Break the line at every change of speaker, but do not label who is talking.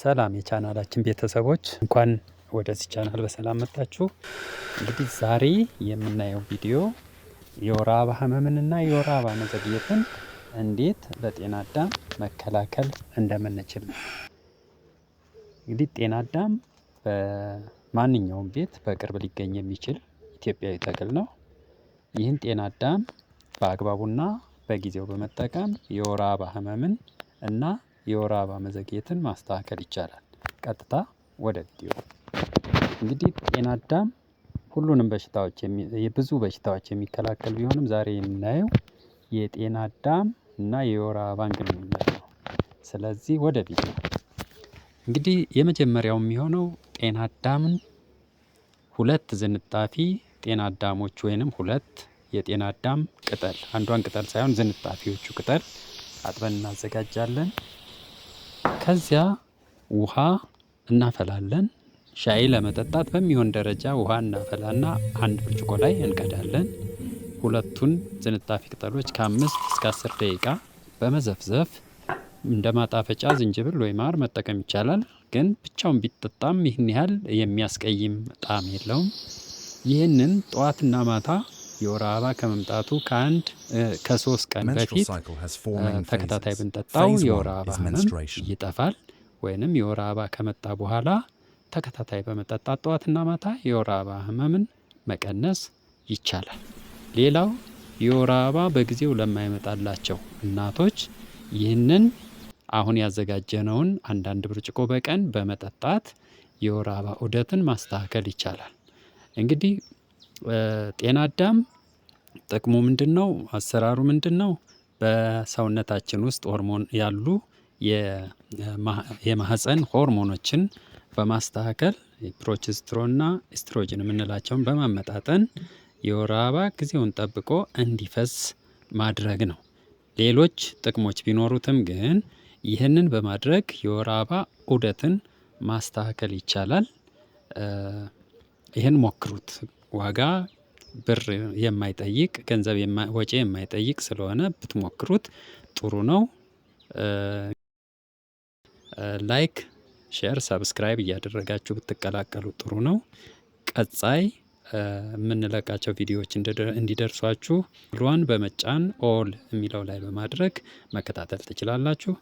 ሰላም የቻናላችን ቤተሰቦች እንኳን ወደዚህ ቻናል በሰላም መጣችሁ። እንግዲህ ዛሬ የምናየው ቪዲዮ የወር አበባ ህመምንና የወር አበባ መዘግየትን እንዴት በጤና አዳም መከላከል እንደምንችል ነው። እንግዲህ ጤና አዳም በማንኛውም ቤት በቅርብ ሊገኝ የሚችል ኢትዮጵያዊ ተክል ነው። ይህን ጤና አዳም በአግባቡና በጊዜው በመጠቀም የወር አበባ ህመምን እና የወር አበባ መዘግየትን ማስተካከል ይቻላል። ቀጥታ ወደ ቪዲዮ እንግዲህ ጤና አዳም ሁሉንም በሽታዎች የብዙ በሽታዎች የሚከላከል ቢሆንም ዛሬ የምናየው የጤና አዳም እና የወር አበባን ግንኙነት ነው። ስለዚህ ወደ ቪዲዮ እንግዲህ የመጀመሪያው የሚሆነው ጤና አዳምን ሁለት ዝንጣፊ ጤና አዳሞች ወይንም ሁለት የጤና አዳም ቅጠል አንዷን ቅጠል ሳይሆን ዝንጣፊዎቹ ቅጠል አጥበን እናዘጋጃለን። ከዚያ ውሃ እናፈላለን። ሻይ ለመጠጣት በሚሆን ደረጃ ውሃ እናፈላና አንድ ብርጭቆ ላይ እንቀዳለን። ሁለቱን ዝንጣፊ ቅጠሎች ከአምስት እስከ አስር ደቂቃ በመዘፍዘፍ እንደ ማጣፈጫ ዝንጅብል ወይ ማር መጠቀም ይቻላል። ግን ብቻውን ቢጠጣም ይህን ያህል የሚያስቀይም ጣዕም የለውም። ይህንን ጠዋትና ማታ የወር አበባ ከመምጣቱ ከአንድ ከሶስት ቀን በፊት ተከታታይ ብንጠጣው የወር አበባ ህመም ይጠፋል። ወይንም የወር አበባ ከመጣ በኋላ ተከታታይ በመጠጣት ጠዋትና ማታ የወር አበባ ህመምን መቀነስ ይቻላል። ሌላው የወር አበባ በጊዜው ለማይመጣላቸው እናቶች ይህንን አሁን ያዘጋጀነውን አንዳንድ ብርጭቆ በቀን በመጠጣት የወር አበባ ዑደትን ማስተካከል ይቻላል። እንግዲህ ጤና አዳም ጥቅሙ ምንድነው? አሰራሩ ነው በሰውነታችን ውስጥ ሆርሞን ያሉ የማህፀን ሆርሞኖችን በማስተካከል ፕሮጀስትሮንና ኤስትሮጅን የምንላቸውን በማመጣጠን የወር አበባ ጊዜውን ጠብቆ እንዲፈስ ማድረግ ነው። ሌሎች ጥቅሞች ቢኖሩትም ግን ይህንን በማድረግ የወር አበባ ዑደትን ማስተካከል ይቻላል። ይህን ሞክሩት። ዋጋ ብር የማይጠይቅ ገንዘብ ወጪ የማይጠይቅ ስለሆነ ብትሞክሩት ጥሩ ነው። ላይክ፣ ሼር፣ ሰብስክራይብ እያደረጋችሁ ብትቀላቀሉ ጥሩ ነው። ቀጻይ የምንለቃቸው ቪዲዮዎች እንዲደርሷችሁ ብሏን በመጫን ኦል የሚለው ላይ በማድረግ መከታተል ትችላላችሁ።